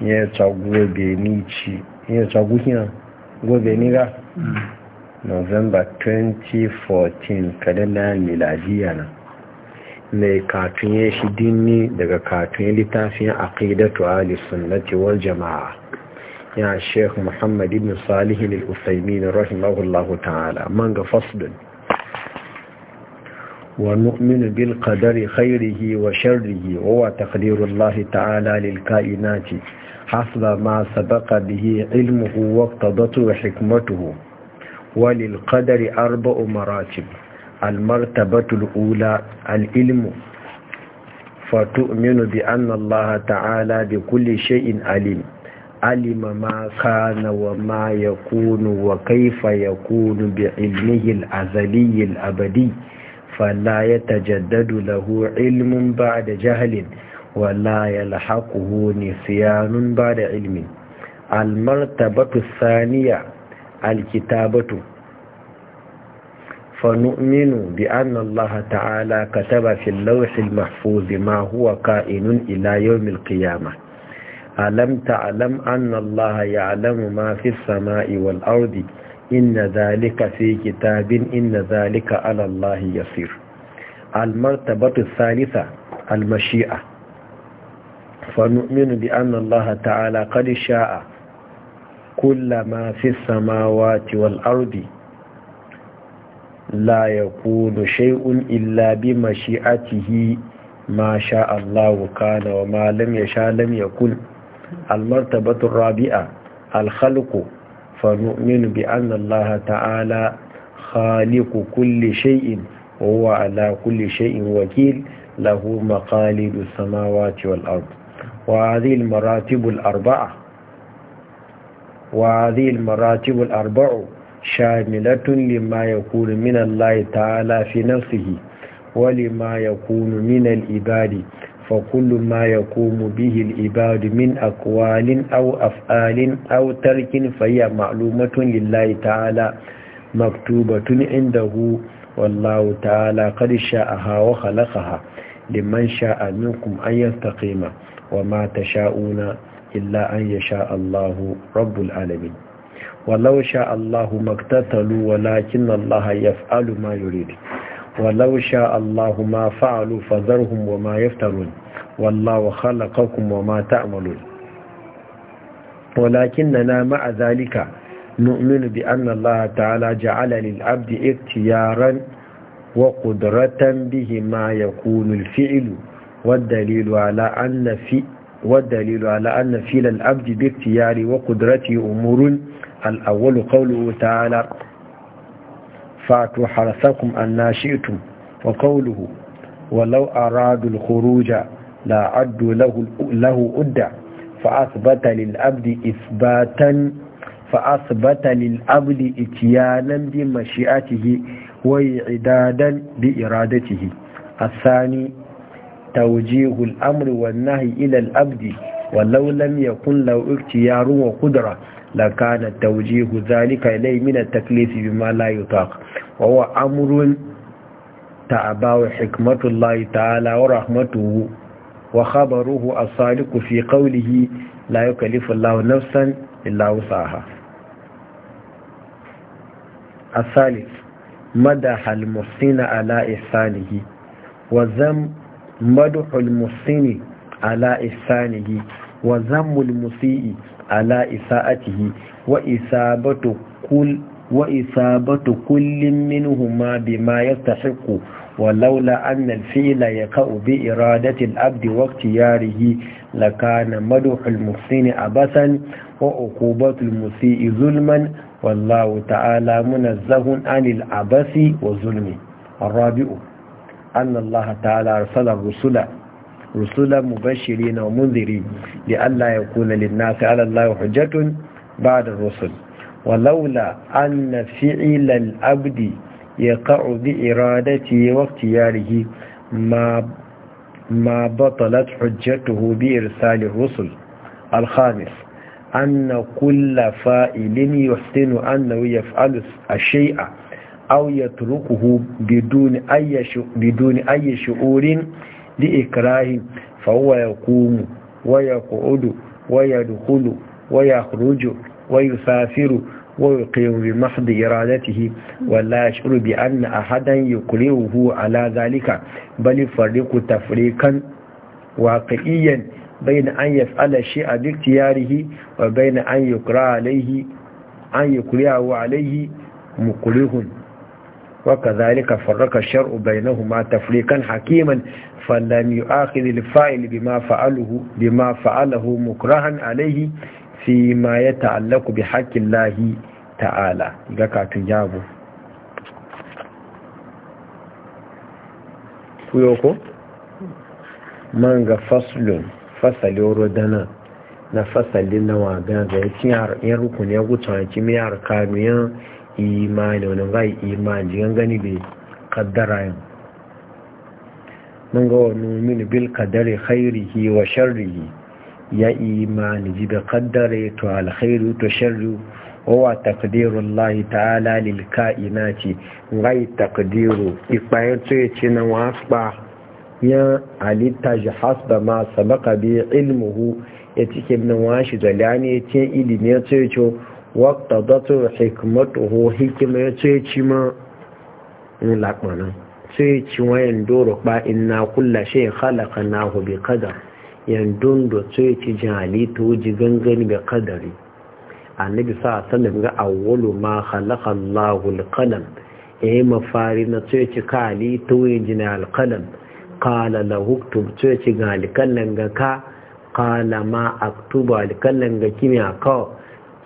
ya tsaguwa benin ci ya tsagu kina november 2014 miladiya na mai katun ya shi dinni daga katun ya littafin aqidatu ali sunnati wal jama'a ya sheikh muhammad ibn salih al-usaymin rahimahullahu ta'ala man ga fasdun ونؤمن بالقدر خيره وشره وهو تقدير الله تعالى للكائنات حسب ما سبق به علمه واقتضته حكمته وللقدر أربع مراتب المرتبة الأولى العلم فتؤمن بأن الله تعالى بكل شيء عليم علم ما كان وما يكون وكيف يكون بعلمه الأزلي الأبدي فلا يتجدد له علم بعد جهل ولا يلحقه نسيان بعد علم المرتبة الثانية الكتابة فنؤمن بأن الله تعالى كتب في اللوح المحفوظ ما هو كائن إلى يوم القيامة ألم تعلم أن الله يعلم ما في السماء والأرض إن ذلك في كتاب إن ذلك على الله يصير المرتبة الثالثة المشيئة فنؤمن بأن الله تعالى قد شاء كل ما في السماوات والأرض لا يكون شيء إلا بمشيئته ما شاء الله كان وما لم يشاء لم يكن المرتبة الرابعة الخلق فنؤمن بأن الله تعالى خالق كل شيء وهو على كل شيء وكيل له مقاليد السماوات والأرض وهذه المراتب الأربعة وهذه المراتب الأربع شاملة لما يكون من الله تعالى في نفسه ولما يكون من العباد فكل ما يقوم به العباد من أقوال أو أفعال أو ترك فهي معلومة لله تعالى مكتوبة عنده والله تعالى قد شاءها وخلقها لمن شاء منكم أن يستقيم wa ma tasha'una illa an yasha Allahu rabbul alamin Walausha, sha Allahu maktatalu walakin Allah yaf'alu ma yurid walau sha Allahu ma fa'alu fadharhum wa ma yaftarun wallahu khalaqakum wa ma ta'malun ولكننا مع ذلك نؤمن بأن الله تعالى جعل للعبد اختيارا وقدرة به ما يكون الفعل والدليل على أن في والدليل على أن فيل العبد باختياره وقدرته أمور الأول قوله تعالى فاتوا حرثكم أن شئتم وقوله ولو أرادوا الخروج لا عدوا له, له أدى فأثبت للعبد إثباتا فأثبت للعبد إتيانا بمشيئته وإعدادا بإرادته الثاني توجيه الأمر والنهي إلى الأبد ولو لم يكن له اختيار وقدرة لكان توجيه ذلك إليه من التكليف بما لا يطاق وهو أمر تعبى حكمة الله تعالى ورحمته وخبره الصادق في قوله لا يكلف الله نفسا إلا وسعها الثالث مدح المحسن على إحسانه وذم maduhul musini ala isanihi wa zammul musii ala isaatihi wa isabatu kul wa isabatu kullin minhuma bima yastahiqu ولولا أن الفيل يقع بإرادة الأبد واختياره لكان مدح المحسن عبثا وعقوبة المسيء ظلما والله تعالى منزه عن العبث والظلم الرابع أن الله تعالى أرسل الرسل رسلا مبشرين ومنذرين لئلا يكون للناس على الله حجة بعد الرسل ولولا أن فعل الأبد يقع بإرادته واختياره ما ما بطلت حجته بإرسال الرسل الخامس أن كل فائل يحسن أنه يفعل الشيء أو يتركه بدون أي بدون أي شعور لإكراه فهو يقوم ويقعد ويدخل ويخرج ويسافر ويقيم بمحض إرادته ولا يشعر بأن أحدا يكرهه على ذلك بل يفرق تفريقا واقعيا بين أن يفعل الشيء باكتياره وبين أن يكره عليه أن يكرهه عليه مكره وكذلك فرق الشرع بينهما تفريقا حكيما فلم يؤاخذ الفاعل بما فعله بما فعله مكرها عليه فيما يتعلق بحق الله تعالى غكا تجابو kuyoko من فصل فصل fasalin rodana na fasalin na waga ga yakin rukun ya wuce yakin yar kamiyan imani wani gai imani jigan gani bai kaddara yin mun ga wani mini bil kaddare khairihi wa sharrihi ya imani ji da kaddare to alkhairu to sharru wa takdirun lahi ta'ala lil ka'ina ce gai takdiru ipayen tsoye ce na waspa ya halitta ji hasba ma sabaka bi ilmuhu ya cikin nan washi zalani ya ce ilimin tsoye ce wata datar hikmatuhu hikima ya ce ci ma laƙmanin ce ci wayan doro ba inna kulla shi halaka na bi kadar yan da ce ci jali to ji gangani bi kadari annabi sa sallam ga awwalu ma khalaqa Allahu al-qalam eh mafari na ce ci kali to ji na qalam qala lahu tub ce ci ga kallan ga ka qala ma aktuba kalan ga kimya ka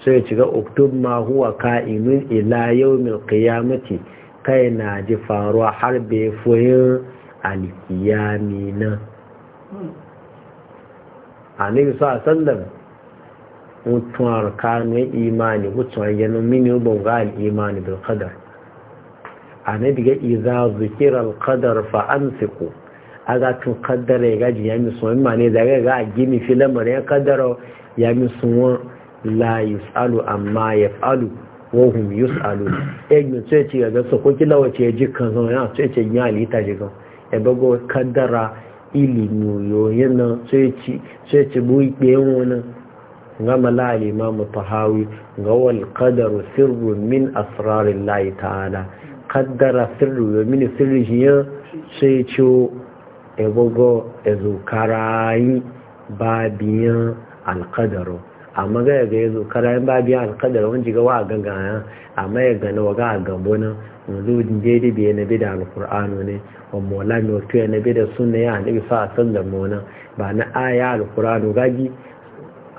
sai ci ga uktub ma huwa ka'imin ila yawmil qiyamati kai na ji faruwa har bai foyin alkiyami na a sa sallam mutum arkanu imani mutum yana mini ubon ga al'imani bil qadar annabi ga iza zikira al qadar fa a aga tun kaddara ya gaji ya mi da ga gini filamar ya kaddara ya la yus'alu amma yaf'alu wa hum yus'alu egbe sai ce ga so ko kila wace ji kan so ya sai ce ya lita ji kan e bago kaddara ilimi yo yana so ce sai ce bu ipe na ga mala al-imam tahawi ga wal qadaru sirru min asrarillahi ta'ala kadara sirru min sirri ya ce e bago e zo karayi babiyan alkadaro amma ga yaga yazo yin ba biya alqadar wani jiga wa ganga ya amma ya ga na waga gambo nan wanzu din je da biye na bida alqur'ano ne wa mola mai wato ya na bida sunna ya hannu bisa a san sallallahu alaihi ba na aya alqur'ano gaji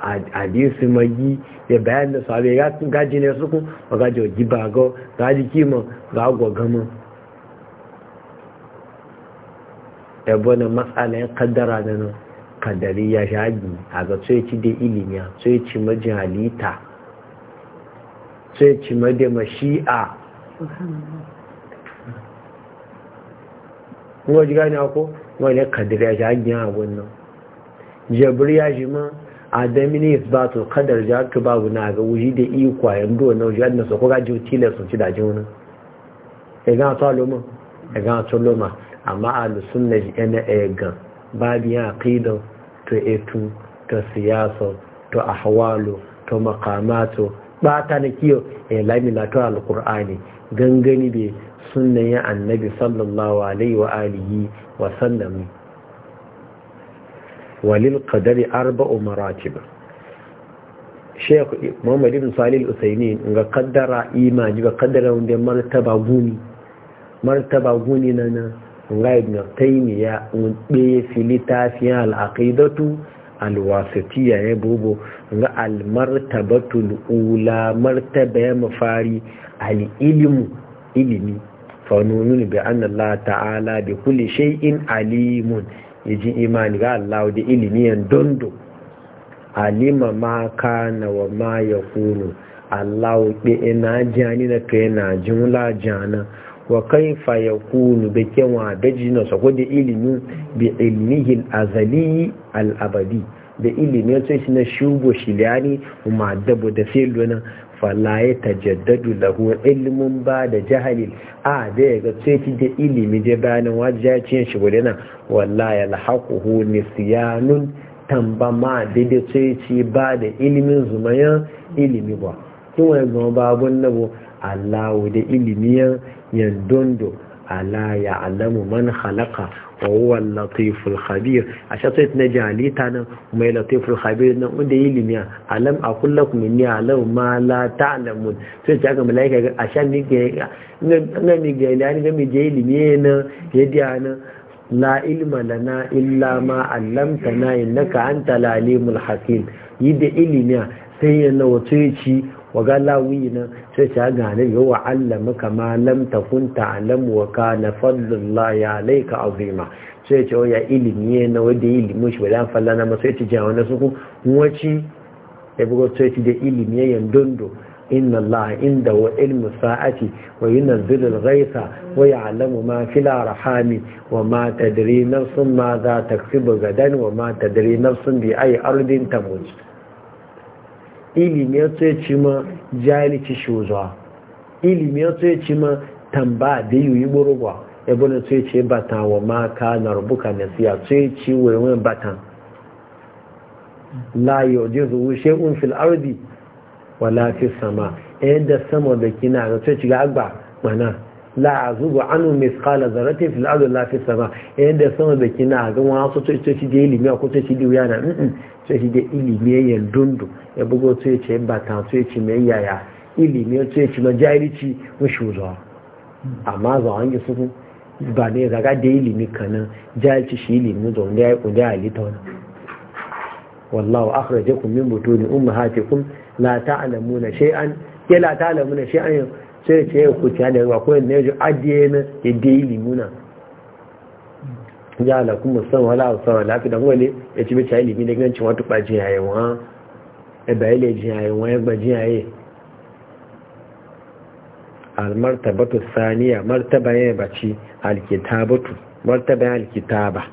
a hadisi magi ya bayan da sahabe ga gaji ne suku wa gaji wa jo gibago gaji kima ga gwagama ya ebonin matsalayin kaddara da nan Kadari, kadariya shagi a ga tsoyaci da ilimiya tsoyaci maji halita tsoyaci maji mashi'a kuma ji gani ako wani kadariya shagi ya wannan ya shi ma a ba to kadar jaka babu na ga wuji da ikwayen duwannan wuji adina su kuka ji tilasun ci da e a ya e gana tsaloma ya gana ma amma lusun na ji yana egan babu ya aqidar to etu to siyaso to ahwalu to makamato bata na kiyo e eh, lamila to alqur'ani gangani be sunnan ya annabi sallallahu alaihi wa alihi wa sallam walil qadari arba'u maratib sheikh muhammad ibn salih usaynin ga kaddara imani ga kaddara wanda martaba guni martaba guni na na nga ibn taymiya un be filita fi al aqidatu al ya bubu nga al martabatul ula martaba ya mafari al ilmu ilimi fa nunu bi anna allah ta'ala bi kulli shay'in alimun yaji imani ga allah da ilimi yan dondo alima ma kana wa ma yakunu allah be ina jani na kai na jumla jana wa kaifa kunu da kyanwa da jina sako da ilimin bi ilmihin azali al'abadi da ilimin sai shi na shugo shiliyani ma dabo da falaye ta ya da lahu ilimin ba da jahalil a da ya ga sai da ilimi da bayanin wajiyacin shi gudana wallahi alhaquhu nisyanun tamba ma daidai sai ci ba da ilimin zumayen ilimi ba kuma wani ba babun nabo Allah da ilimiyan yadondo ala ya alamu man halaka wa huwa latiful khabir a shatsai na jalita nan mai latiful khabir nan wanda yi limiya alam a kullakum inni alam ma la ta'lamun sai ta ga malaika ga a shan ni ga nan ni ga ni je limiya na yadda na. la ilma lana illa ma alamta na yi naka an talalimul hakim yi da ilimiya sai yana wato yi waga lawi na sai ta gane yi wa allama kama lam ta ta'lamu wa kana fadlullahi alayka azima sai ce ya ilimi na wanda ilimi shi wadan fallana ma sai ta jawo na suku wace ya bugo sai ta da ilimi yan dondo inna allaha inda wa ilmu sa'ati wa yunzilu al-ghaytha wa ya'lamu ma fil arhami wa ma tadri nafsun ma za taksubu gadan wa ma tadri nafsun bi ay ardin tamut ilimi ya tsaye ci ma jahilci shi wuzuwa ilimi ya tsaye ci ma tamba da yiwu gburugwa ebe na tsaye ce bata wa maka na rubuka na siya tsaye ci wurin batan la yau jizu she'un fil ardi wala fi sama yadda sama da kina ga tsaye ci ga agba mana la azubu anu misqala zarratin fil ardi la fi sama da sama da kina ga wasu to ita ci da ilimi ko to ci da wuya na mm to ci da ilimi ya dundu ya bugo to ya ce ba ta to ya ce me yaya ilimi to ya ce ma jahilci mu shuzo amma za an yi su ba ne daga da ilimi kanan jahilci shi ilimi da wanda ya kuda halitta wani wallahu akhrajakum min butuni ummahatikum la ta'lamuna shay'an ya la ta'lamuna shay'an sai ce ya a daga yawa kawai ya ji ajiye na ya dai limuna ya halakun musamman wala a san lafi fidan wale ya ci bica limi da ganci wata ba jin wa ya bayi le jin yayin wa ya gba jin almarta batu saniya martaba ya bace alkitabatu martaba ya alkitaba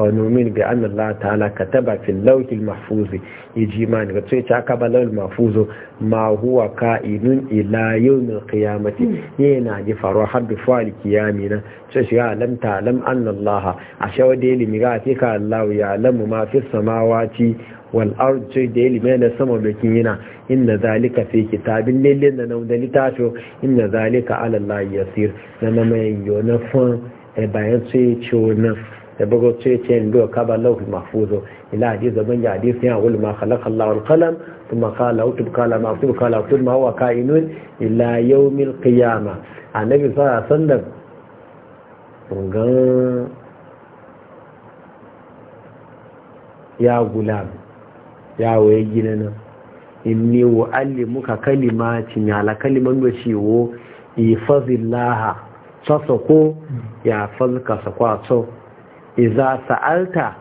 fanomin bi an Allah ta'ala ka taba fi lauki mafuzi ya ji ma ni gatsu ya ce aka ba lauki mafuzo ma huwa ka inun ila na kiyamati yana ji faruwa har na ce shi alam alam an a shawar da ilimi ga ce ka Allah ya alamu ma fi samawaci wal arji da ilimi na sama bikin kin yana inna zalika fi kitabin lillin na nan da litafi inna zalika ala Allah yasir na mai yona fun bayan sai da bugo ce ce ndo ka ba lauhi mahfuzo ila ji da ya hadith ya wal ma khalaqa Allahu al-qalam kuma qala utub qala ma utub qala utub ma huwa kainun ila yawmil qiyama annabi sallallahu alaihi wasallam ya gulam ya waye gina nan inni wa allimuka kalimatin ya la kaliman da shiwo ifazillaha sasa ya fazka sakwa so iza sa'alta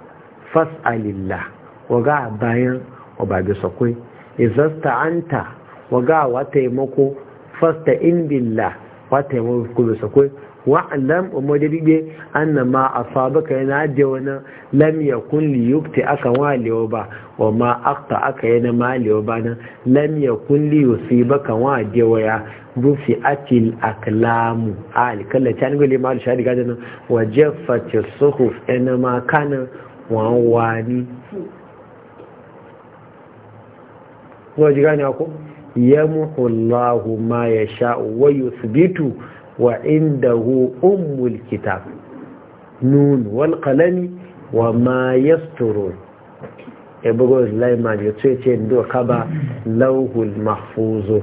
fas'alillah waga bayan wa ba bisa kwai iza sta'anta waga wa taimako fas in billah wa taimako bisa kwai wa'alam umar da bibe an ma a sabaka yana da wani lam ya kun liyukti aka walewa ba wa ma akta aka yana malewa ba nan lam ya kun liyusi baka wadewa ya rufi atil aklamu a alkalaci an gole ma alshari da nan wa jeffati suhuf yana ma wa wani ko ya muhullahu ma ya sha wa yusbitu wa inda ummul kitab nun wal qalami wa ma yasturun e bugo lai ma je ce ce ndo kaba lauhul Ku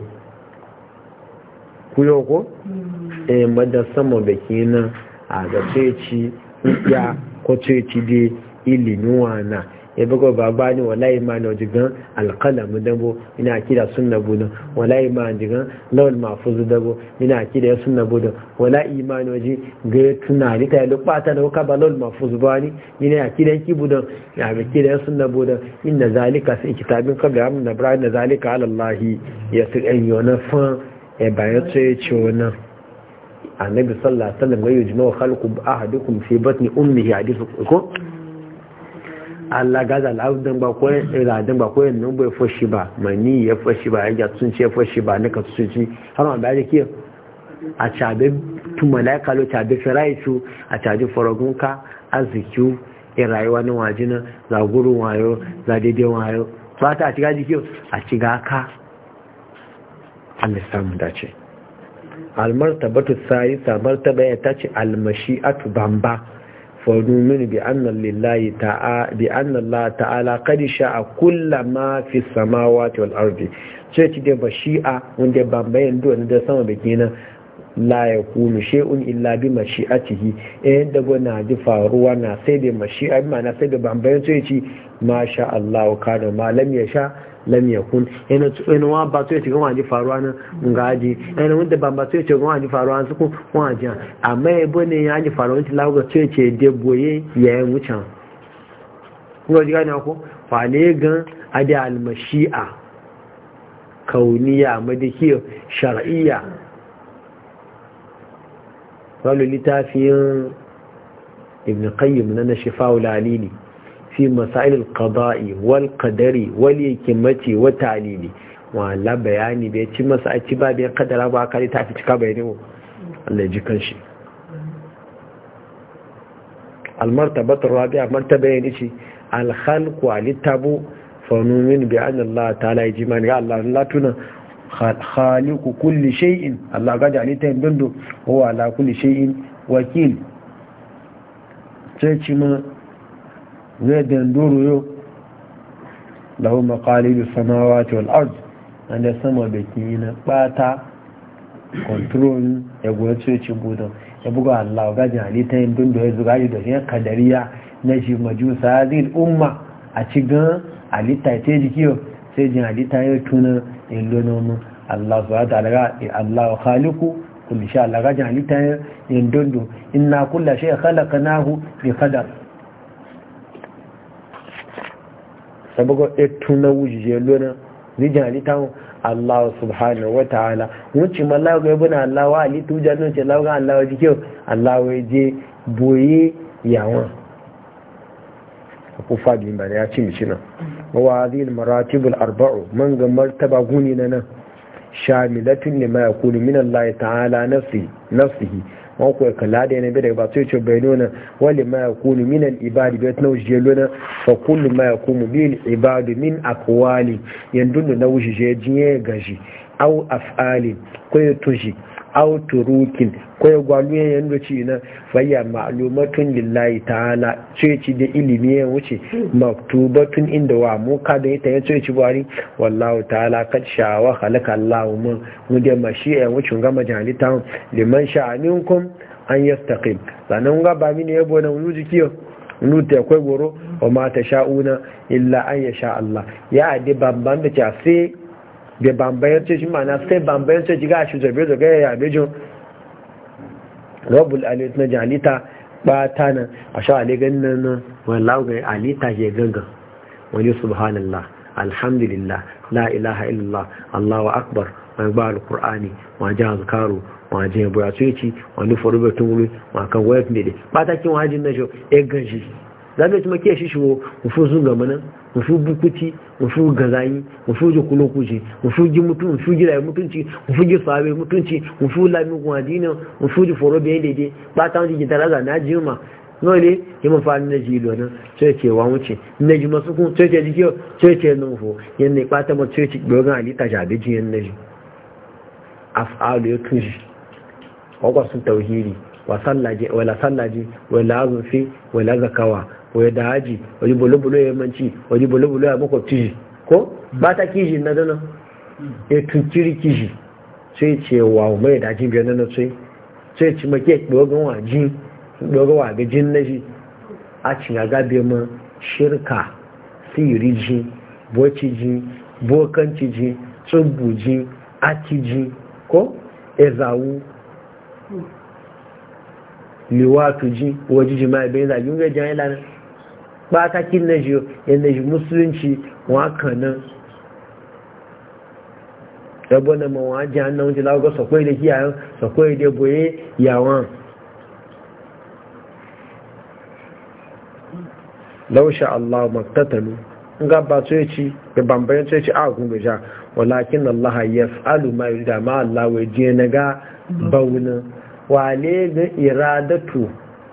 kuyo ko e madda sama bekina a ga ce ci ya ko ce ci de ilinuwa na ya bugo baba ne wallahi ma na jigan alqalam dabo ina kida sunna budan wallahi ma jigan lawal mahfuz dabo ina kida sunna budan wallahi ma na ji ga ni ta lubata da ka balal mahfuz bani ina kida ki budan ya ga kida sunna budan inna zalika fi kitabin qabla amna ibrahim zalika ala allah yasir an yona fa e bayan ce ce wannan annabi sallallahu alaihi wasallam ya yujma khalqu ahadukum fi batni ummihi hadithu ko Allah gaza laudan ba ko iradan ba ko nan bai fashi ba mani ya fashi ba ya tun ce fashi ba ne ka tun ci har ba yake a chabe tu malaika lo chabe firaitu a chabe forogunka azikiu e rayuwa na wajina za guru wayo za daidai wayo ba ta shiga jiki a shiga ka Allah samu dace almartabatu sayisa martaba ya tace almashi'atu bamba fadomini bi annan lillahi ta'a bi annan ta'ala kadi sha a kulla ma fi samawa ta wal ardi ce ci dai ba shi a wanda bambayin sama sama bikinan la ya kunu she'un illa bi mashi'atihi eh da gona ji faruwa na sai da mashi'a bi ma'ana sai da bambayin sai ci masha Allah ka ma malam ya sha lam ya kun to ina wa ba sai ci gona ji faruwa na ngaji ina wanda ba ba sai ci gona ji faruwa su kun wa ji amma e bone ya ji faruwa ci lawo sai ce de boye ya yi wuce. kuma ji gane ko fale gan adi al mashi'a kauniya madikiyar shar'iyya wani littafin ibn qayyim na nashifa'ul alili fi masailul qada'i wal qadari wal hikmati wa ta'lili wala bayani bai ci masa a ci ba bai kadara ba kare ta cika bayani mu Allah ji kanshi almartabatar rabi'a martaba yana ce alhalku alittabu fa numin bi an Allah ta'ala ya ji mani ga Allah khaliku kulli shay'in Allah alita huwa ala kulli shay'in wakil sai ci zai yo lahu maqalidu samawati wal ard anda sama da kina bata control ya gwace ci budan ya buga Allah alita dondo ya zuga da ya kadariya na umma a alita ta jikiyo sai jin alita ya ilo Allah su wata daga Allah khaliku kun sha alaga jan halitta yin dundu inna kulla shay khalaqnahu bi qadar sabugo etu na wujije lona ni jan ta Allah subhanahu wa ta'ala wuci malawa ga ibn Allah wa ali tu non ce lawa Allah ji ke Allah wai je boye yawon ku fadi ba ya ci mi shi na wa hadhihi al arbau man ga martaba guni na nan shamilatun lima yakunu min Allah ta'ala nafsi nafsihi da ko kala da ne bada ba sai ce bayyana wa lima yakunu min al-ibad bi tawjiluna fa kullu ma yakunu bil ibad min aqwali yandun na wuji je jiye gaji aw af'ali ko tuji aw turukin ko ya gwalu ya yanda ci na fayya ma'lumatun lillahi ta'ala ce ci da ilimi ya wuce maktubatun inda wa mu ka da ita ya ce ci bari wallahu ta'ala kad shawa khalaqa Allahu mun mu mashi ya wuce ga majalita liman sha'aninkum an yastaqim sanan ga ba mini yabo na wuju kiyo nuta goro wa mata sha'una illa an sha Allah ya adi babban da ta sai da ce shi mana sai bambayin ceci ga shi zabe zobe ya yabe jin rabul alit na jalita ba ta nan a sha aligan nan wani ga alita ke ganga wani subhanallah alhamdulillah la ilaha illallah allahu akbar wani ba alkur'ani ma ji azkaru ma ji yabo ya tsoci wani farubatun wuri wa kan wayar mede ba ta kin wajin na shi ya ganshi zabe tuma ke shi shi wo sun gama nan wufu bukuci wufu gazayi wufu ji kulokuci wufu ji mutum wufu ji rayu mutunci wufu ji sahabe mutunci wufu lami kuma dinin wufu ji foro biyan daidai ba ta wani gita raza na ji ma nole yi mafa na ji ilo nan sai wa wuce na ji masu kun sai ce jikiyo sai ce nufo ne ya ɓata masu sai ce ɓogon alita jabe ji yadda ji af'alu ya tunji kwakwasun tauhiri wa sallaje wala sallaje wala azunfi wala zakawa wai da haji wani bolo-bolo ya manci wani bolo ya makwabci shi ko ba ta na dana hmm. ya tukiri kiji sai ce wa mai da jin biyar nan sai sai ci make dogon waji dogon wagajin na shi a cin ma shirka siri ji boci ji bokanci ji tsubu ji aki ji ko ezawu hmm. liwatu ji zagi ilanin ɓatakin na jiyo yana ji musulunci wakanin yabo na mawa ji hannun wuce ga sakwai da kiyayen sakwai da boye yawon laushe allah maktatalu ga ba su yaci da bambayin su yaci a kuma sha walakin Allah ya falu ma yi da ma allawa je na ga baunin wale ga iradatu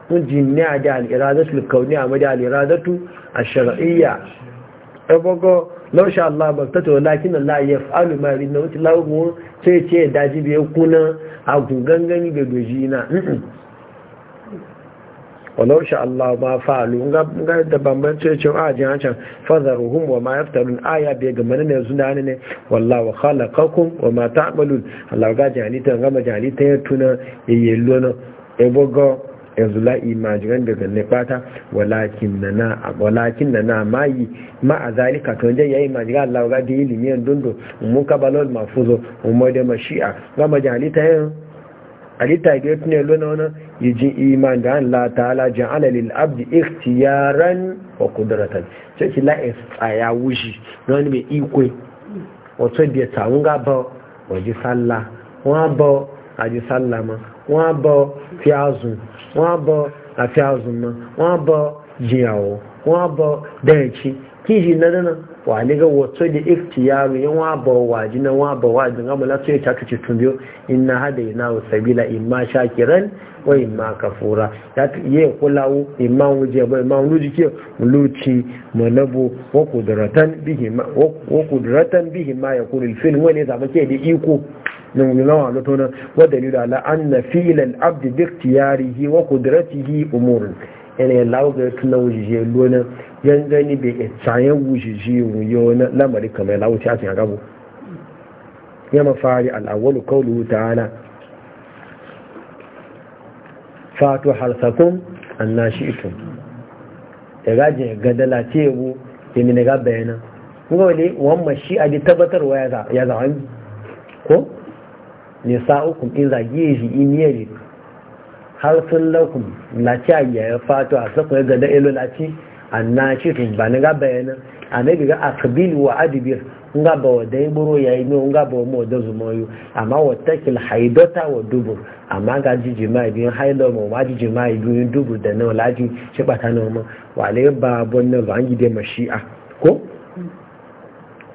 mun a da al'iradatu kauniya ma da al'iradatu a shar'iyya ɗabogo lausha Allah ba ta tola lakin Allah ya fa'alu wuce lagun sai ce daji bai kuna a gungangani da doji na walau Allah ma fa'alu ga da bambancin cin ajin hancan fazaruhum wa ma yaftarun aya bai ga mana ne yanzu da ne wallah wa khalaqakum wa ma ta'malun Allah ga jani ta gama jani ta ya tuna yayyelo na ebogo yanzu la'i majiran daga ne fata walakin na na mayi ma a zalika to jan yayi majira Allah ga da ilimi yan dundo mu kabalol mafuzo mu da mashi'a ga majalita yan alita ga tune lona wannan yijin iman da Allah ta'ala ja'ala lil abdi ikhtiyaran wa qudratan sai ki tsaya wuji na wani mai ikwe wato da tawun ga ba ji sallah wa ba Adisallama sálàmà wọ́n bọ́ fi azùn wọ́n bọ́ àfi azùn mọ́ wọ́n bọ́ jìyàwó wọ́n bọ́ kí ìjì náà náà wani ga wato da iftiyaru yan wa ba waji na wa ba waji ga mu lati ta tuce tun biyo inna hada ina wa sabila imma shakiran wa imma kafura ya ye kulawu imma wuje ba imma wuje ke muluti manabu wa qudratan bihi wa kudratan bihi ma ya al fil wani zaba ke da iko nan wani lawa ga tona wa dalilu ala anna fi'l al-abd bi ikhtiyarihi wa kudratihi umurun ene lawo ga tunan wuje lona gangani bai ke tsayen wuce jiwu yau na lamari kamar lawuci a cikin gabo ya mafari al'awwalu ta hana fatu halsakun shi ito ya gajin ga dalace bu ya mini gaba yana kuma wani wamma shi a ji tabbatarwa ya zawon ko nisa uku, in zage shi in yi yare har sun laukun laci a yaya fatu a sakon ya gada ilo laci annashitu ba ni gaba yana annabi ga aqbil wa adbir nga ba wa dai buro yayi no nga ba mu da zumoyu amma watakil haidata wa dubur amma ga jiji mai bin haido ma wa jiji mai bin dubur da wala laji shi bata no wa wale ba bonna ba an gide mashi'a ko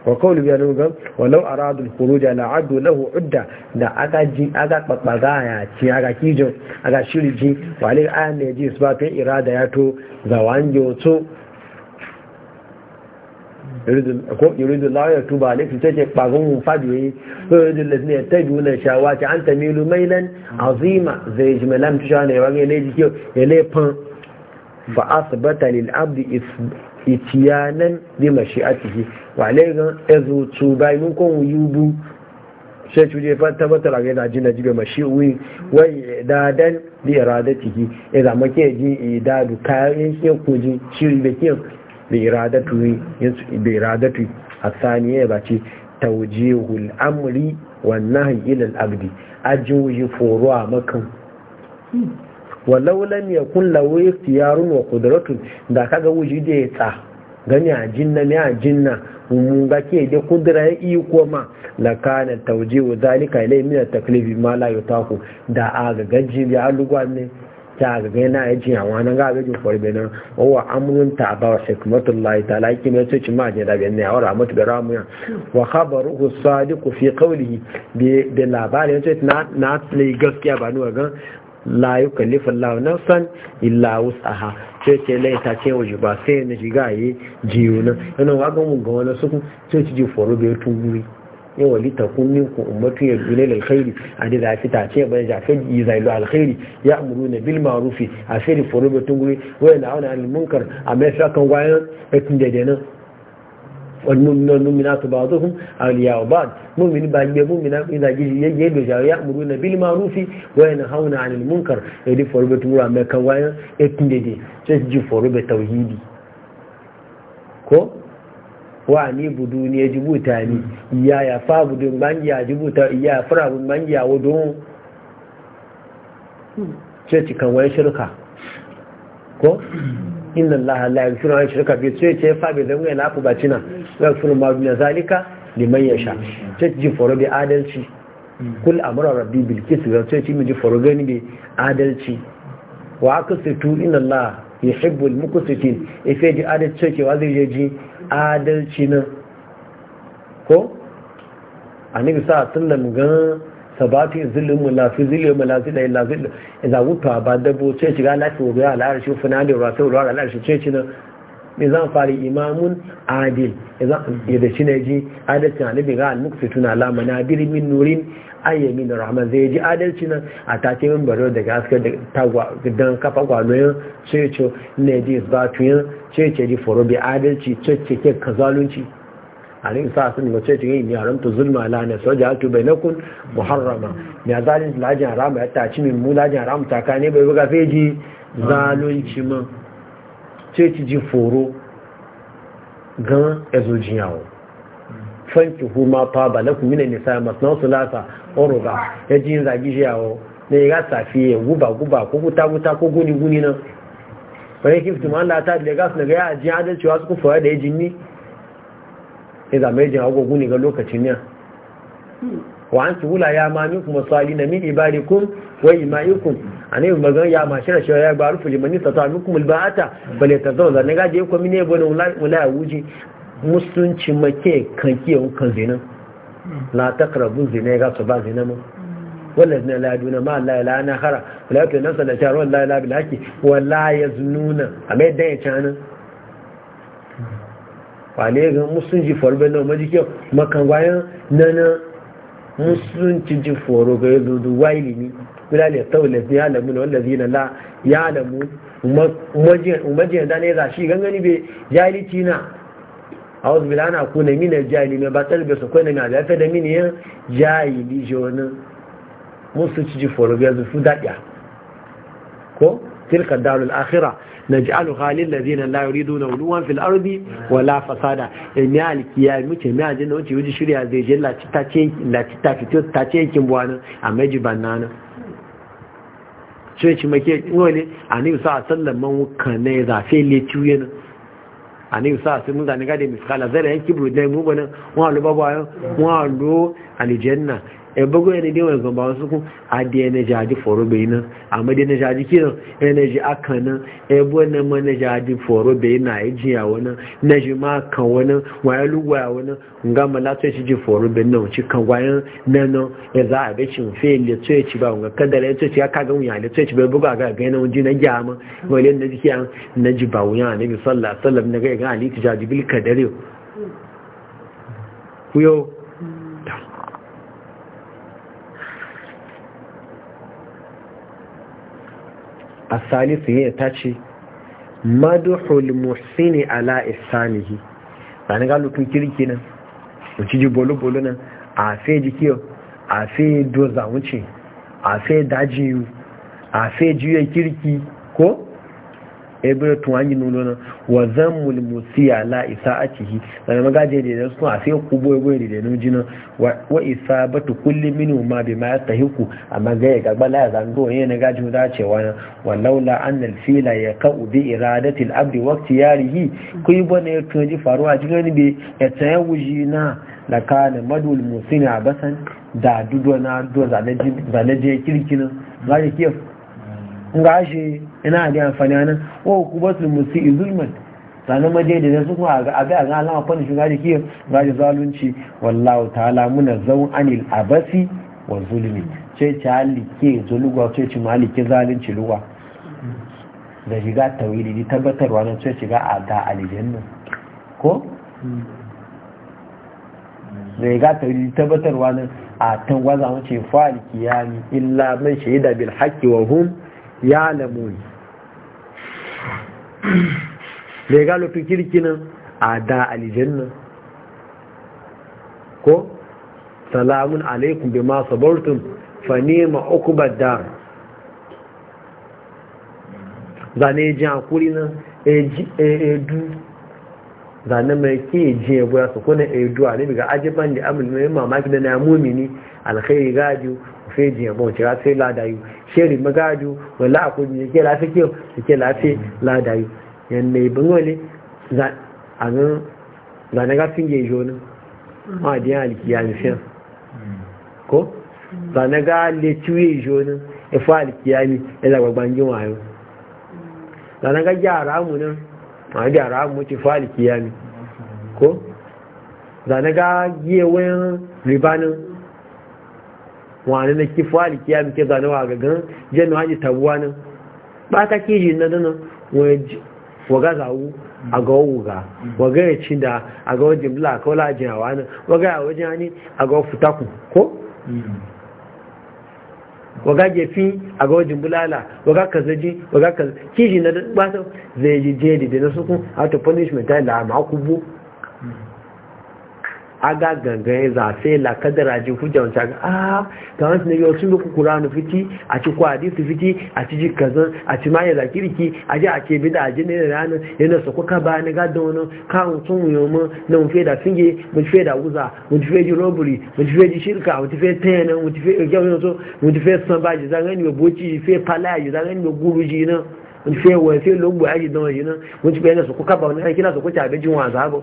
wa kawai biya nun gan walau a da kuruja na adu lahu udda da aga ji aga kpakpaga ya ci aga kijin aga shiri ji wale ayan ne ji su bafin irada ya to zawan yoto yuridu lawa ya tuba ne fita ce kpagun mun fadi yi so yuridu lafi ya ta juna shawa ce an tamilu mailan azima zai ji malam tushawa ne wani ne jike ya lefan fa asibata lil abdi itiyanan bi mashi'atihi wa alayhi azutu bayin kun yubu sai je fata bata ga yana jin najibe mashi'uwi wa idadan bi iradatihi idan e make ji idadu kayan ke kuji shiri da kin bi iradatu bi iradatu asaniye ba ce tawjihul amri wan nahyi ila al-abdi ajuji a makan walau lam yakun lahu ikhtiyarun wa qudratun da kaga wuji da ya tsa gani a jinna ne a jinna mun ga ke da kudura ya yi koma la kana tawjihu zalika ilay min taklifi ma la yutaku da aga gaji ya lugwa ne ta ga yana ya ji awa nan ga ga jufar benin wa amrun ta ba wa hikmatullahi ta'ala ki mai tuci ma da benin ne wara mutu da ramuya wa khabaruhu sadiqu fi qawlihi bi labari ce na na gaskiya ba ni ga la yukallifu na san illa wus'aha ce ce lai ta ce waje ba sai na shiga yi jiyo na yana wagan mu ga wani suku ce ci ji foro bai tuguri yin walita ta ku ummatu ya dole lil khairi adi da fita ce bai jafe yi zailu alkhairi ya na bil ma'rufi a sai foro bai tuguri wani yana wani alimunkar a mai sai kan wayan etin daidai nan والمؤمنون المؤمنات بعضهم أولياء بعض مؤمن بالبيع مؤمن إذا يدعو يأمرون بالمعروف وينهون عن المنكر يدي فربة مرة مكة وين اتندي تسجي فربة توحيدي ko wa ni budu ne jibuta ni iya ya fa budun bangiya jibuta iya ya fara budun bangiya wudun ce cikan wani shirka ko inna allaha la yaghfiru an shirka bi sai ce fa bi zamu yana ku bacina yaghfiru ma bi zalika liman yasha ce ji foro bi adalci kul amara rabbi bil qist ga ce ci mi ji foro gani bi adalci wa aqsitu inna allaha yuhibbu al muqsitin ife ji adalci ce wa zai ji adalci na ko annabi sa sallam gan sabatu zillin mu lafi zillin mu lafi da illa zillin idan wuta ba dabo sai shiga lafi wa ga al'arshi funa da rasul ruwa al'arshi sai ci na me zan fari imamun adil idan shi ne ji adalcin annabi ga al-muqsitun ala na min nurin ayyami na rahman zai ji adalci nan a take min baro daga haske da tagwa gidan kafa kwanoyin sai ce ne ji zatuyin sai ce ji foro bi adalci sai ce ke kazalunci alayhi sa'asin da ce cikin ni haramta zulma la na soja hatu bai nakun muharrama ya zalin lajin harama ya taci min mu lajin harama ta ka ne bai buga feji zalunci ma ce ci ji foro gan ezojin yawo fanki huma fa ba lakum min nisa masna sulasa Ya ji yin zagi yawo ne ga safiye guba guba ko guta guta ko guni guni na bare kiftu ma da ta da gas na ga ya ji adalci wasu kufa da yajin ni iza mejin agogo ne ga lokacin ya wa an tubula ya ma min kuma sali na min ibarikum wa imaikum anai magan ya ma shira shira ya baru fili mani sata min kuma ba'ata bale ta zo da naga je ko mine bone wala wuji musulunci make kan kiyon kan zina la taqrabu zina ga su ba zina mu wala zina la duna ma la ilaha na hara wala ta nafsa la shara wala la bilaki wala yaznuna amai dan ya canan wale ga ji musulunci bai na majikin makangwayan na na ci ji foro ga ya zuzu wa ilimi guda ne taulas ne alamu na wanda zina la ya alamu umajiyar da ne za shi gangani bai jahilci na a wasu bila na na minar jahili mai ba tsarbe su kwanan na da da mini yan jahili shi wani musulunci ji foro ga ya zufu daɗya ko tilka dalul akhira naj'alu halil ladina la yuriduna uluwan fil ardi wala fasada ni eh, alkiya muke mi ajin wuce wuce shirya zai je la ta ce la ta fito ta ce kin buwana amma ji banana sai ci make ngole ani sa sallan man wuka ne za fe le tuyen ani sa sai mun da zani gade miskala zara yan kibru dai mu bana wa lu babayo wa lu aljanna ebogo yana dai wani gamba wasu kun adi yana jadi foro bai nan amma dai na jadi kiran ji aka nan ebo na ma na jadi foro bai na ya jiya wani na ji ma kan wani waya lugwaya wani nga ma lati ci ji foro bai nan ci kan wayan nan nan ya za a bai cin fe le to ci ba nga kadara ya to ci aka ga wuya le to ci be buga ga ga yana ji na gyama wale na jiki an na ji ba wuya ne bi sallallahu alaihi wasallam na ga ga ali ti jadi bil kadare yo asalisu ya ta ce maduhul muhsini ala ihsanihi ba ni kirki nan wuci ji bolo-bolo nan a fe jikiyo a fe doza wuce a fe dajiyu a fe juya kirki ko ebe anyi nuno na wa zammul musiya la isa a da na magaje da su a sai kubo ya goyi da nuji na wa isa ba ta kulle minu ma bai ma ya hiku a magaye gaba la zango ya na gaji da cewa na wa laula an fila ya ka bi iradatil abdi wakti yarihi ku yi bane ya tunaji faruwa cikin wani bai ya tsaye wuji na da kana madul musina a basan da dudu na dudu zanaje kirkinin ga shi ina ajiye amfani nan ba su musu zulman sanan maje da su kuma a ga ga alama fani shiga da kiyar ga da zalunci wallahu ta'ala muna zaun anil abasi wa zulmi ce ce halike zulugwa ce ce malike zalunci luwa da shiga tawili ni tabbatarwa nan ce shiga a da aljanna ko da ya gata yi tabbatarwa nan a tangwaza wace ya kiyami illa mai shaida bil haƙƙi wa hun. ya lamu ne ga lokacin kirkinan a da aljanna ko salamun alaikum bi ma sabartum fa nema ba da, zane ji hakuri nan edu e, e zane mai ke ji ya buya su kuna edu a ne biga ajiban da amul mai mamaki da na mumini alkhairi gajiyu fẹ́ jìyàn mọ́ ti ráṣẹ́ ládàáyù ṣe rí mọ́gájú wọ́n láàkójú yake láṣẹ́ kí yake láṣẹ́ ládàáyù yẹnna ìbọn wọlé àwọn zanaga fi yẹ ìjọ ní wọ́n àdíyàn alìkìyà nìfẹ́ kó zanaga ko tí wí ìjọ ní ẹfọ́ alìkìyà ní ẹlẹ́gbàgbà ń jíwọ̀n ayọ́ zanaga jẹ́ àràmù ní àwọn àdí àràmù ti fọ́ alìkìyà ní kó zanaga yẹ wẹ́n rìbá náà wani na kifa likiya muke zanewa ga gan jan haji tabuwa nan ba ta kiji na dana waga zawu a ga wuga waga ya ci da a ga wajen bula a kawala ajiyar hawa nan waga ya wajen hannu a ga futaku ko waga gefi a ga wajen bulala waga kazaji waga kazaji kiji na dana ba ta zai ji jeri da na suku a to punishment ta la'ama kubu aga gangan za sai la kadara ji hujja wancan ah, a ga wasu ne yau sun ku kuranu fiti a ci ku hadisi fiti a ci ji kazan a ci maye zakiriki a ji a ke bi da ji ne ranar yana su kuka ba ni gadon wani kawun sun yi mu na mun da finge mun fe da wuza mun fe ji robbery mun ji shirka mun fe tayana mun ga wani so mun fe san ba ji gani ba boci fe pala ji zangani ba ji na mun fe wa fe logbo aji don wani na mun fe na su kuka ba wani kira su kuka abin jin wa zabo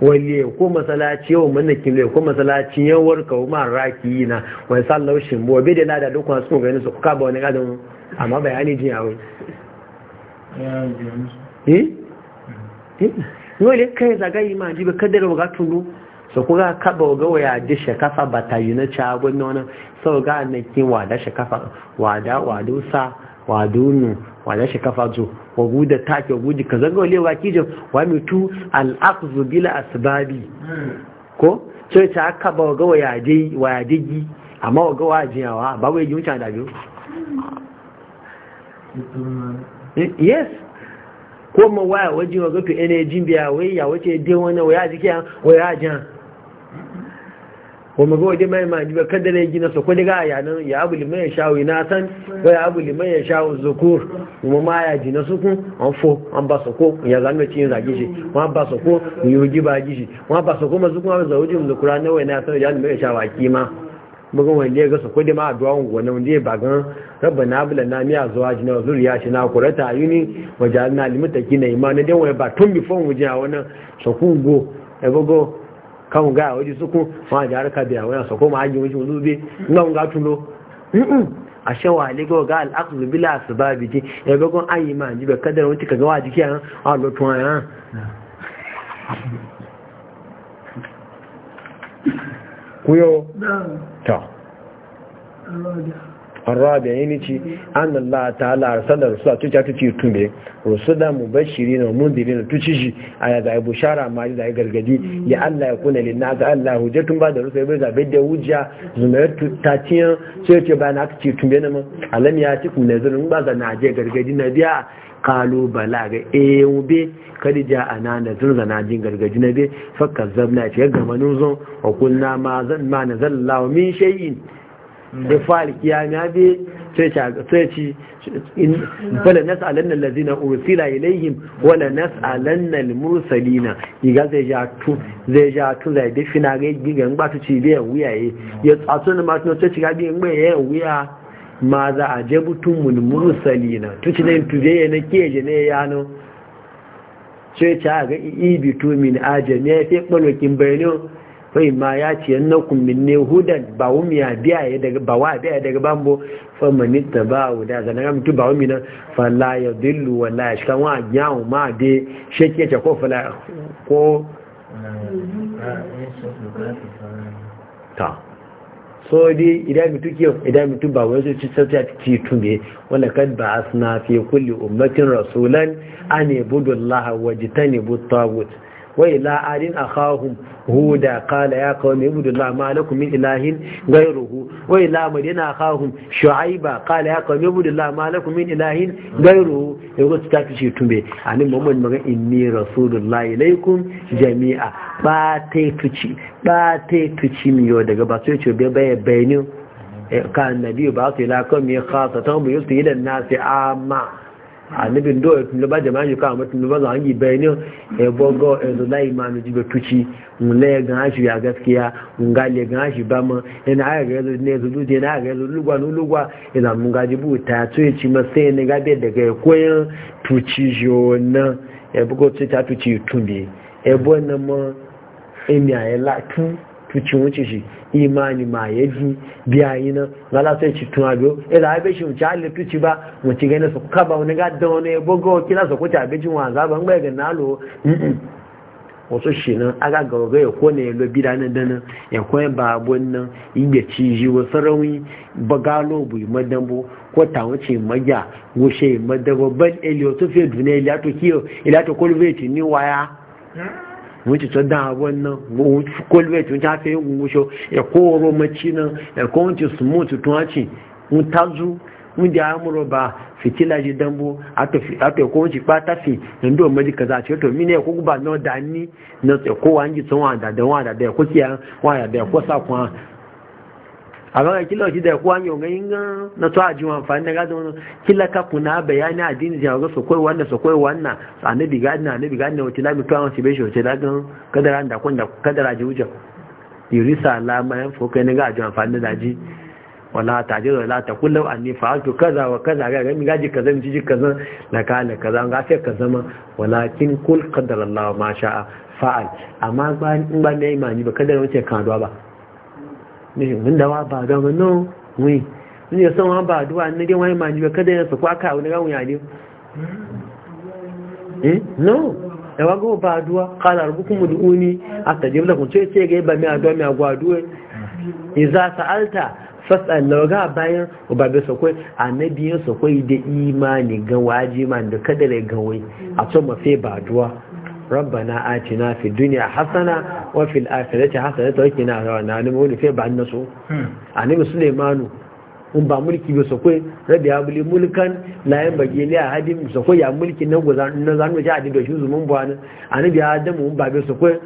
waliye ko masalaci yau mana kimle ko masalacin yawar ka ma raki na wani sallar shimbo bai da lada duk wasu kuma ganin su ka ba wani gadon amma bayani jin yawon wale eh? Eh? kai zaga yi maji ba kadar ga tunu so kuka kaba ga waya da shakafa ba ta yi na ci abin sau ga annakin wada shakafa wada wadusa wa dunu shi kafa zo wa guda take wa guji ka zanga wale wa kijin wa mutu al'aqzu bila asbabi hmm. ko sai ta aka ba ga wayaje gi amma wa ga wajiyawa ba wai yunta da biyu hmm. eh, yes ko ma waya waje wa ga to energy biya wai ya wace dai wani waya jiya. waya jan wa mu waje mai ma ba kada ne gina su kudi ga a nan ya abu limai ya shawo ina san ko ya abu limai ya shawo zukur kuma ma ya ji na suku an fo an ba su ko ya zanga cin zage shi wa ba su ko yi ji ba ji shi wa ba su ko ma su kuma za wujin zukura na wai na san ya liman ya shawo kima bugun wanda ga su kudi ma a addu'a wannan wanda ya bagan na abu na miya zuwa jina zuriya shi na kurata yuni limita limutakina imanin dan wai ba tun bifon wujin a wannan sakungo ebogo kan ga waje suku ma da harka biya wani sako ma hajji wajen zube nan ga tulo a shawa lega ga al'aqlu bila asbabi ji ya ga gon ayi ma ji be kadar wuce kaga wa jiki an a lotun ya kuyo ta الرابع ينيتي ان الله تعالى ارسل أرسل تي تجاتي تنبي رسولا مبشرين ومنذرين تجيجي اي ذا بشاره ما غرغدي يا الله يكون للناس ألا هجتم بعد بي بيزا بيد وجا زمرت تاتين سيرتي بانا أكتي تنبي نما كون يأتيكم نزلون بعد ناجي غرغدي نبيا قالوا بلا اي وبي قد جاء انا نزل زنا zurza غرغدي نبي gargaji na dai fakka zabna ce ما manuzon wa kulna ma zan ma da fa'al kiyama be sai ci wala nas'alanna allazina ursila ilaihim wala nas'alanna almursalina iga zai ja tu zai ja tu zai bi fina ga gigan ba su ci be wuyaye ya tsatsu na matno sai ci ga bi ngbe ya wuya ma za a jabutun mulmursalina tu ci ne tu je ne keje ne ya no sai ci ga ibi tu min ajami ya fi kwanokin bayanin fai ma ya ce yan nakun ne hudan ba wumi ya biya ya daga ba wa biya daga bambo fa ta ba wa da zana ga mutu ba wumi na fa la ya dillu wa la kan wa yawo ma de shake ce ko fala ko ta so dai idan mutu ke idan mutu ba wai ci sauta ci tume wala kad ba asna fi kulli ummatin rasulan an ibudu allaha wajtanibu at wai la'arin a kawo huda kala ya kawo mai budu la malakum min ilahin gairuhu wai la madina khahum shu'aiba kala ya kawo min ilahin gairuhu yau su tumbe mamman inni rasulullahi laikum jami'a ba ta yi tuci ba ta tuci daga ba yi ka ba da nasi amma annabin do tun ba jama'a yi kawo mutum ba za a yi bayanin ya bogo ya zo layi ma na jibe tuci mun laye gan shi ya gaskiya mun ga le gan shi ba ma yana aya ga yanzu ne zulu je na ga yazo lugwa nu lugwa ina mun ga bu ta to ya ci ma sai ne ga be daga koyan tuci jona ya bugo tuci ta tuci tumbe e bo na ma emi ayi la tun tucin wuce shi imani ma ya ji biya yi nan gala sai tun abiyo ila eh, haife shi wuce halin tuci ba wuce gani su kaba wani gadon wani ya bugo kila su kuce abicin wanza ban bai ga nalo wasu shi nan aga gauga ya kone ya lobi da nan dana ya kone babon nan iya ci ji wasu rauni ba galo ko ta wuce magya wuce madambo ban eliyo fiye duniya ilato kiyo ilato kolveti waya hmm? wuce to da wannan kolwe tun ta fe ngusho e ko ro machina e ko wuce smooth tun achi mutazu wunde amuro ba fitila ji dambo ato ato ko wuce pata fi ndo mali kaza ce to mine ko guba no dani no ko wanji tun wa da da wa da ko kiya wa da ko sa kwa amma kila shi da kuwa yau ga inga na to ajiwa amfani da gadon wannan kila ka kuna bayani addini ya ga so koi wannan so wannan annabi ga na annabi ga na wata lami kawo shi be shi wata lagan kadara da kun da kadara ji wuce yurisa la ma yan fo kai ne ga ajiwa amfani da ji wala tajiru la ta kullu anni fa'altu kaza wa kaza ga ga mi gaji kaza mu ji kaza Na kala kaza ga sai kaza ma walakin kul qadara Allah ma sha'a fa'al amma ba in ba ne imani ba kadara wuce kan ba wanda wa ba ga wano Wani ni ya san wa ba duwa ne dai wani manji ba kada ya su kwaka wani rawun ya ne eh no da wa go ba duwa qala rabbukum ud'uni astajib lakum sai ce ga ba mi addu'a mi agwa duwa idza sa'alta fas'al law ga bayan ba be sokoi annabi ya sokoi da imani ga waji da kada le gawai a to mafe ba duwa ربنا آتنا fi الدنيا حسنة وفي الآخرة حسنة وكنا wa qina azabannar ne mu fi ban nasu ba mulki ba sakwai rabi ya buli mulkan ne a hadin sakwai ya mulki na zanu ji hadin da shi zumun buwani a nabi adamu ba bai sakwai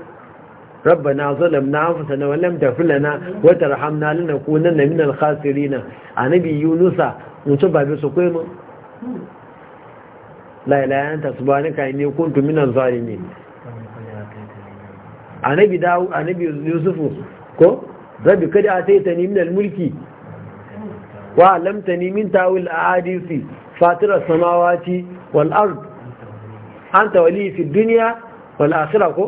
rabbana zalamna anfusana wa lam taghfir lana wa tarhamna lanakunanna khasirin a yunusa ba bai mu la ilaha anta subhanaka inni kuntu minaz zalimin anabi dawo anabi yusufu ko rabbi kada ataitani minal mulki wa lamtani min tawil ahadisi fatira samawati wal ard anta wali fi dunya wal akhirah ko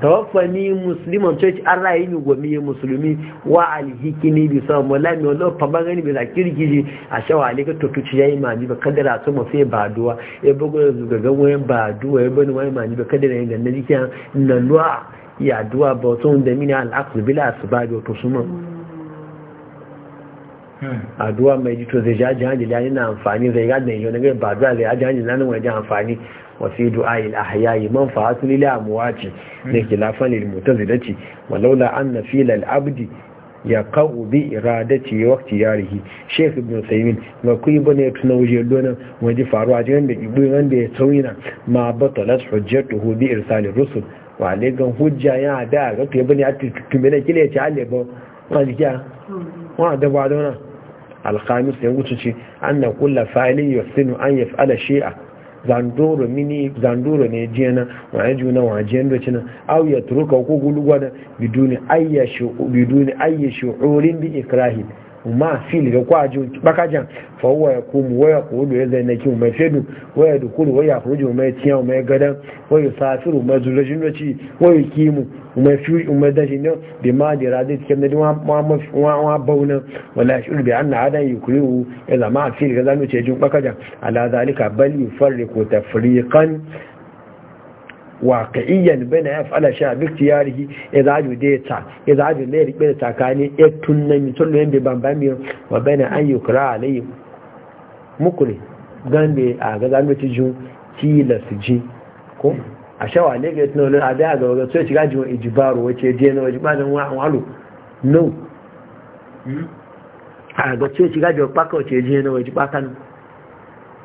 tawaffani musliman church an rayu ni gomi musulmi wa alhikini bi sa mola olo pamba ngani bi zakirgiji a shawa alika totuci yayi mani ba kadara to mu sai baduwa e bugo yanzu ga gan wayan baduwa e bani wayan mani ba kadara yin ganna jikin nan duwa ya duwa ba to da mini al aql bila asbab to suma aduwa mai jito zai jaji hanjila yana amfani zai gadin yau na gai baduwa zai jaji hanjila nan wajen amfani وفي دعاء الأحياء منفعة للأموات لخلافا للمعتزلة ولولا أن فيل abdi ya kawo bi iradati waqti yarihi sheikh ibn sayyid ma kuyi bane tuna waje lona waje a jiran da ibu wanda ya tsauna ma batalas hujjatuhu bi irsali rusul wa legan hujja ya da ga to bane a tutume na kile ci alle ba wa jiya wa da ba dona alkhamis ya wuce ce anna kullu fa'ilin yusinu an yaf'ala shay'a zandoro mini zandoro ne jiya na wa juna wa jiyan da cinan au ya turuka ko gulugwa da biduni ayyashi biduni ayyashi urin bi ikrahi ma fi fili ga kwaji bakajan fa huwa yakumu wa yaqulu ya zainaki me fedu wo yadkhulu wa yakhruju mai tiya mai gadan wa yusafiru wo zurajin ki mu yukimu me fi me da jin ne bi ma de ti kem ne di wa ma wa wa bauna wala shuru bi anna adan yukrihu ila ma fi le ga zanu ce jin bakajan ala zalika bal yufarriqu tafriqan waƙa'iyyan bai na ya fa'ala sha bik tiyarihi ya zaɗu da ya ta ya ya riƙe da takani ya tunna mitun da yadda ban wa bai an yi kura alayi mukuli gambe a ga zambe ci jin tilas ji ko a shawa ne ga yatin wani abin a ga wajen so ya shiga jiwon ijibaru wace je na wajen bada wahalu no hmm? a ga so ya shiga jiwon ɓaka wace je na wajen ɓaka no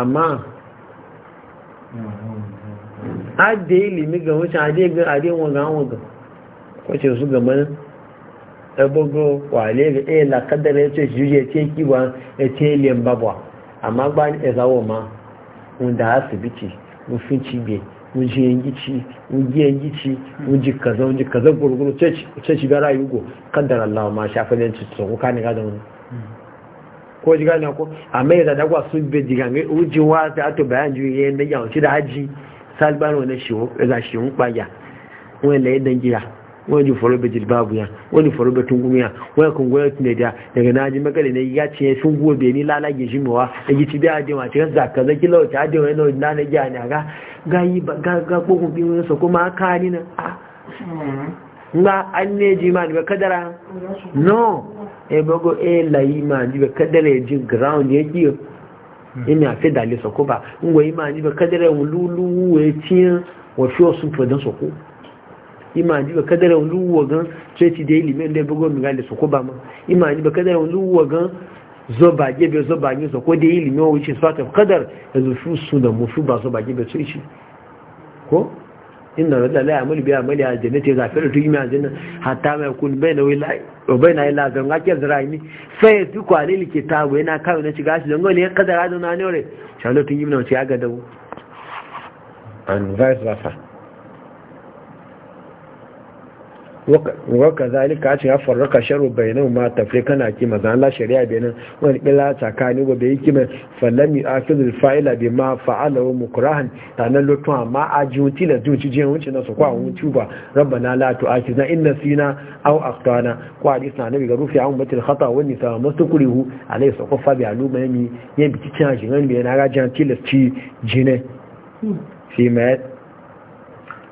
amma adda yi limi ga wucin adegin adewa ga hanwaga kwace su e ga e ya ce shi ya ce kiwa ya amma ba ni ya e zawo ma wanda asibiti rufin cibiya wunji yangici wunji kaza wunji kaza gurguru ce ci gara ko ji ne ko amma ya zada kwa sun bai jiga mai ujin wa ta ato bayan juyi yayin da yawon shi da haji salbano na shi za shi hun kwaya wani layi dan gida wani ji foro bai jilbabu ya wani foro bai tungumi ya wani kungoyar tunai da daga na ji magana ne ya ce sun guwa bai ni lalage shi mawa da e gici bai hajji mace kan zaka zaki lauta hajji wani lauta na na gya ne ga ga yi ga ga kokon bi wani sako ma ka ni na a hmm. nga an ne ji ma ni kadara no e eh, bago e eh, layi ma ji ba kadara ya ji ground ya ki hmm. ina fi dali soko ba ngwa ma ji ba kadara mu lulu ya tiyan wa fi osun to dan soko ima ji ba kadara mu lulu gan church daily men da bago mi gali soko ba ma ima ji ba kadara mu lulu gan zoba gebe zoba ni soko daily men wuce sort of kadar yanzu su su da mu su ba zoba gebe su ishi ko inna rajula la ya'malu bi amali aljannati ghafiru tu yima aljanna hatta ma yakun bayna wa bayna ila zan ga ke zraimi fa tu ko alil kitabu yana kawo na shiga shi dango ne kadara da na ne ore shalatu yimna ce aga dawo an vice versa waka zalika a cikin farraka sharu bayanan ma tafi kana ki zan Allah shari'a bayanan wani kila tsakani ba bai kima falami akidul fa'ila bi ma fa'ala wa mukrahan tanan lutu amma ajuti la duci je wuce na su kwa wuce ba rabbana la tu'akhizna in sina aw akhtana ko hadisi na nabi ga rufi an batil khata wa nisa mastukrihu alayhi saqafa bi aluma yami yan biki cin shi ran bayanan ga jan tilasti jine hmm. fi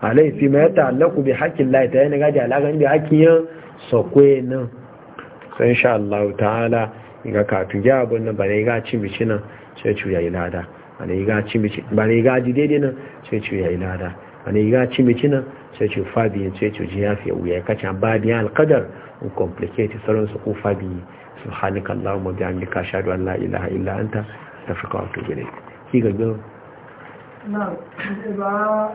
alai fi ma ya ta'allaku bi haƙƙin lai ta yana gaji alaƙa bi haƙƙin yin sakwe nan sai insha Allah ta'ala ga kafin ya abun nan bane ga ci bici nan sai ci ya lada bane ga ci bici bane ga ji daidai nan sai ci ya lada bane ga ci bici nan sai ci fabi sai ci ji ya fi wuya kace ba biyan alqadar un complicate sauran su ku fabi subhanaka allahumma bihamdika ashhadu an la ilaha illa anta astaghfiruka wa atubu ilayk ki ga gaba na ba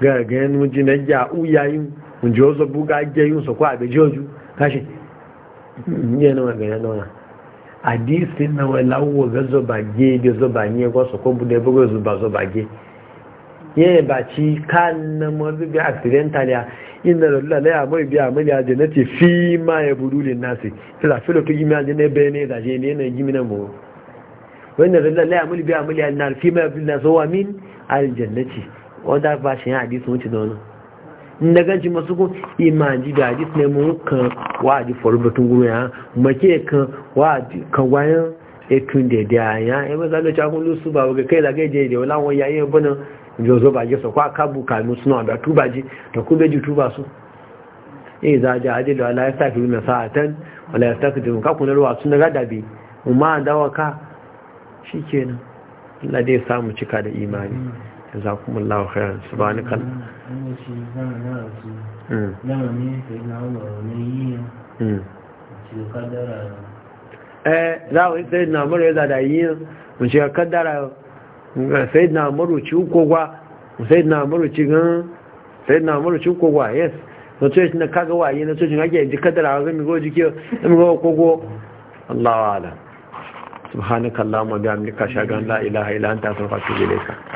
gagayen wunji na ya uyayin wunji wasu buga ajiyayin su kwa abin joju kashi yi a disi nawa lawo ga zobage ga zobanye wasu ko bude zuba zobage yi ba ci kan na mazu bi accidental ya inna lalla la ya mai bi amali a jannati fi ma ya budulin nasi fila filo to gimi da ne na gimi na mu ya mai bi amali a fi ma ya nasi wa min aljannaci wadda ba shi yin hadisi wuce da wani inda ganci masu kun imaji da hadisi ne mun kan wa'adi farubatun guru ya make kan wa'adi kan wayan etun da da ya ya ba zalo cakun lusu ba ga kai zage je da wala wani yayi bana jo zo ba je so kwa kabu musu suna da tuba ji da kuma ji tuba su eh za ji adi da Allah ya saki min sa'atan wala ya sa dun ka kuna ruwa sun daga dabi umma dawaka shikenan Allah dai samu cika da imani jazakumullahu khairan subhanakal hmm. hmm. eh za a yi sayid na ya zada yi mu ce kaddara ga sayid na ci kogwa sayid na ci gan sai na ci kogwa yes na coci na kaga waye na coci ake ji kaddara ga mi go jike mi kogo Allahu ala subhanakallahumma bihamdika ashhadu an la ilaha illa anta astaghfiruka wa atubu